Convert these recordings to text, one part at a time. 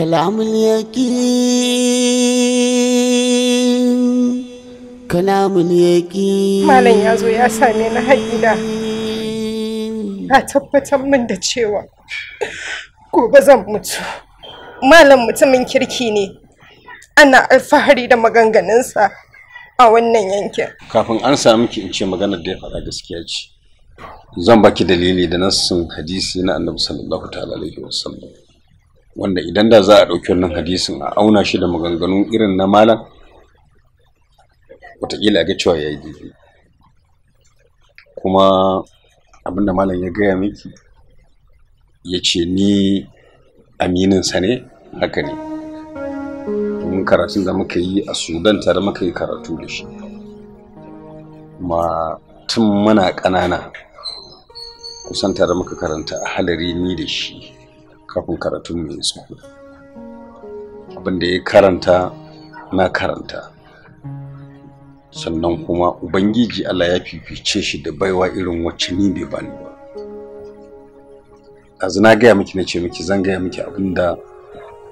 كلام اليقين كلام اليقين مالن يازو يا سامي na haƙida na tabbatar min da cewa gobe zan mutu malam mutumin kirki ne ana alfahari da maganganunsa a wannan yankin kafin an sami ki in ce maganar da ya faɗa gaskiya ce zan baki dalili da nassin hadisi na annabi sallallahu ta'ala alaihi wasallam wanda idan da za a ɗauki wannan hadisin a auna shi da maganganu irin na malam watakila ga cewa ya yi daidai kuma abinda malam ya gaya miki ya ce ni amininsa ne haka ne domin karatun da muka yi a sudan tare muka yi karatu da shi ma tun mana ƙanana kusan tare muka karanta a halari ni da shi kafin karatun mai iso abinda ya karanta na karanta sannan kuma ubangiji Allah ya fifice shi da baiwa irin wacce ni bai bani ba A na gaya miki na ce miki zan gaya miki abinda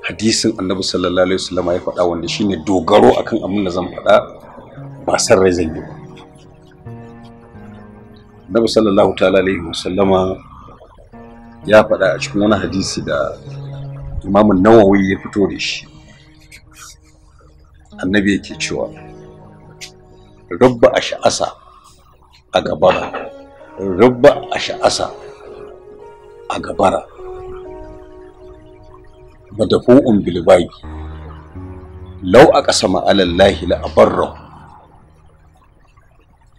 hadisin annabi sallallahu alaihi wasallam ya faɗa wanda shine dogaro akan abin da zan faɗa ba san rai zan yi ba annabi sallallahu ta'ala alaihi wasallama ya faɗa a cikin wani hadisi da imamun nawawi ya fito da shi annabi yake cewa rubba a sha'asa a gabara rubba a sha'asa a gabara madafu'un bilbagi lau a ƙasa ma'alallahi la'abarra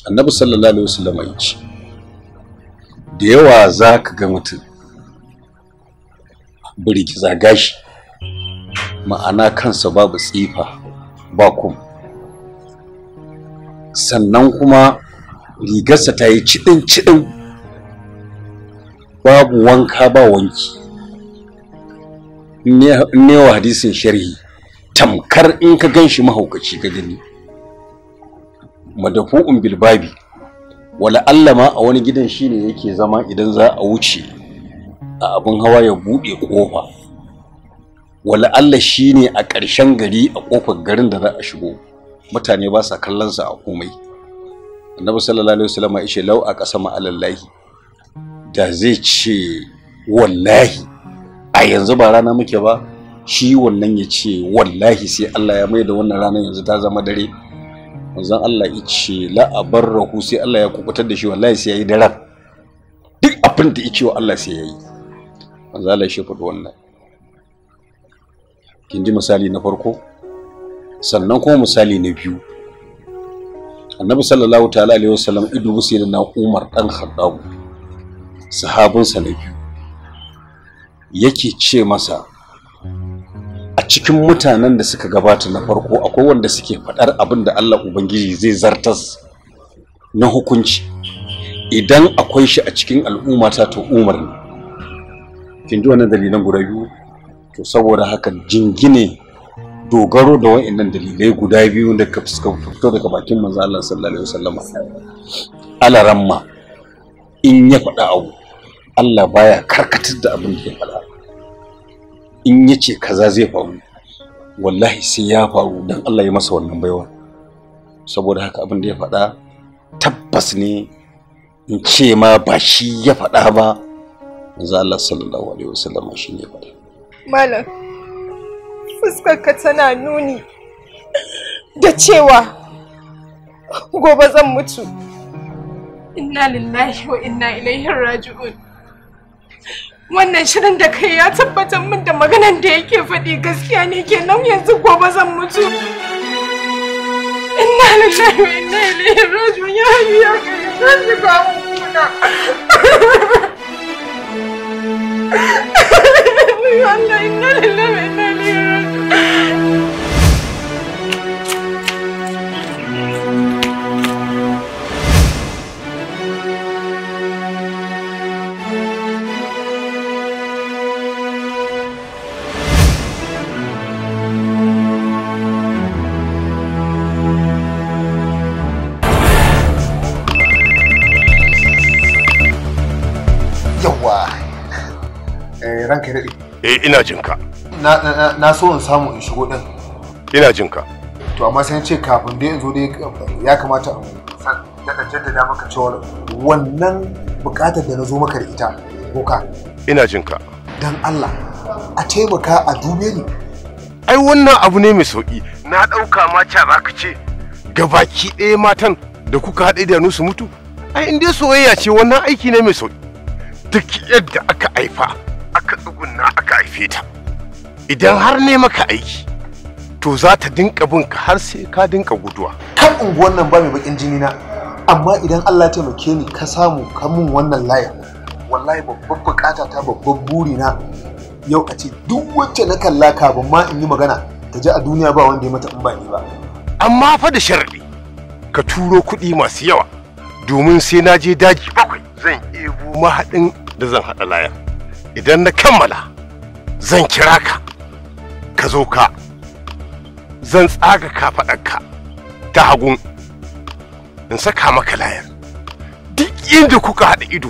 annabi sallallahu alaihi wasallam ya ce da yawa za ka ga mutum birgiza gashi ma'ana kansa babu tsifa ba kum sannan kuma rigarsa ta yi cidin-cidin babu wanka ba wanki ne wa hadisin sharhi tamkar in ka ganshi mahaukaci ga gani madafu'un bilbabi wala allama a wani gidan shine yake zama idan za a wuce a abin hawa ya buɗe kofa. wala Allah shi ne a ƙarshen gari a ƙofar garin da za a shigo mutane ba sa kallonsa a komai annabi sallallahu alaihi wasallam ya ce lau a ƙasa ma'alallahi da zai ce wallahi a yanzu ba rana muke ba shi wannan ya ce wallahi sai Allah ya mai da wannan ranar yanzu ta zama dare manzon Allah ya ce la'abarrahu sai Allah ya kukutar da shi wallahi sai ya yi daren duk abin da ya wa Allah sai ya yi manzo Allah shi faɗi wannan kin ji misali na farko sannan kuma misali na biyu annabi sallallahu ta'ala alaihi wasallam idubu sai na umar dan khattab sahabinsa na biyu yake ce masa a cikin mutanen da suka gabata na farko akwai wanda suke faɗar abin da Allah Ubangiji zai zartas na hukunci idan akwai shi a cikin al'ummata to umarni. kin ji wannan dalilan guda biyu to saboda haka jingine dogaro da wa'annan dalilai guda biyu da ka fito daga bakin manzo Allah sallallahu alaihi wasallam ramma, in ya faɗa abu Allah baya karkatar da abin da ya faɗa in ya ce kaza zai faru wallahi sai ya faru dan Allah ya masa wannan baiwa saboda haka abin da ya faɗa tabbas ne in ce ma ba shi ya faɗa ba manzo Allah sallallahu alaihi wasallam shine ba. malam fuskarka tana nuni da cewa gobe zan mutu inna lillahi wa inna ilaihi raji'un wannan shirin da kai ya tabbatar min da maganan da yake faɗi gaskiya ne kenan yanzu gobe zan mutu inna lillahi wa inna ilaihi raji'un ya hayyu ya kayyum zan shiga mun kuna ranka ya daɗe. Eh ina jin ka. Na so in samu in shigo ɗin. Ina jin ka. To amma sai ce kafin dai in zo dai ya kamata daɗa jaddada maka cewar wannan buƙatar da na zo maka da ita boka. Ina jin ka. Dan Allah a taimaka a dube ni. Ai wannan abu ne mai sauƙi na ɗauka ma ca za ka ce gabaki ɗaya matan da kuka haɗe da su mutu. Ai in soyayya ce wannan aiki ne mai sauƙi. Duk yadda aka haifa tsugunna aka haife ta idan har ne maka aiki to za ta dinka binka har sai ka dinka guduwa kan unguwan nan ba mai bakin jini na amma idan Allah ya taimake ni ka samu ka wannan layin wallahi babbar bukata ta babbar buri na yau a ce duk wacce na kalla ka ban ma in yi magana ta ji a duniya ba wanda ya mata in ba ni ba amma fa da sharadi ka turo kuɗi masu yawa domin sai na je daji bakwai zan ebo mahaɗin da zan haɗa layan idan na kammala zan kira ka ka zo ka zan tsaga ka ta hagun in saka maka layar duk inda kuka haɗa ido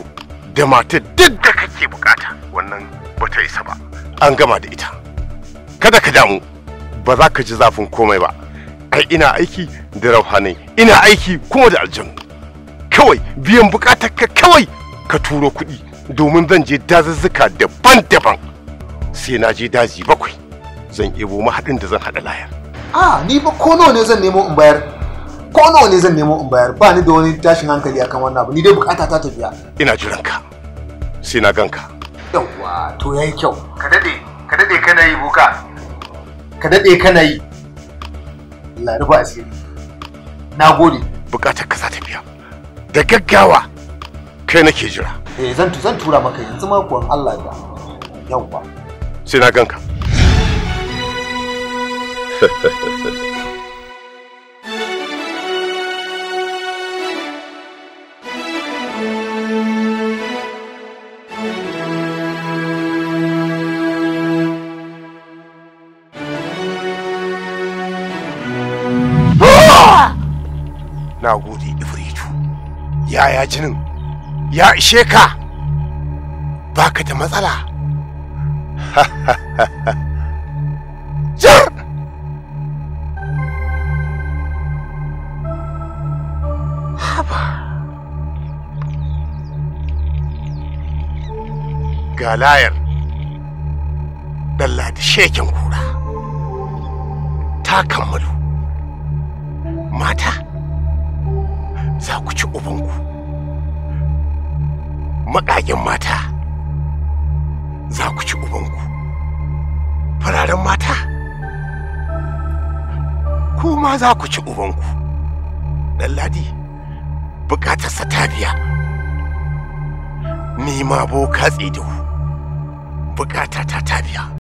da matar duk da kake bukata wannan bata isa ba an gama da ita kada ka damu ba za ka ji zafin komai ba ai ina aiki da rauhanai ina aiki kuma da aljanu kawai biyan bukatar ka kawai ka turo kuɗi domin zan je dazuzzuka daban-daban sai na je daji bakwai zan ebo mahaɗin da zan haɗa layar. a ni ba ko nawa ne zan nemo in bayar ko nawa ne zan nemo in bayar ba ni da wani tashin hankali akan wannan abu ni dai bukata ta tafiya ina jiran ka sai na ganka yawwa to yayi kyau ka dade ka dade kana yi buka ka dade kana yi Allah rufa asiri nagode bukatar ka za ta biya da gaggawa kai nake jira eh zan tura maka yanzu ma Allah ya yawwa sai na ganka ah! na gode ifritu yaya jinin ya ishe ka baka da matsala jar haba ga layar ɗalla da kura ta kammalu mata za ku baƙaƙen mata za ku ci ubanku fararen mata ku ma za ku ci ubanku ɗanladi buƙatarsa ta biya ni ma bo katse da bukata ta ta biya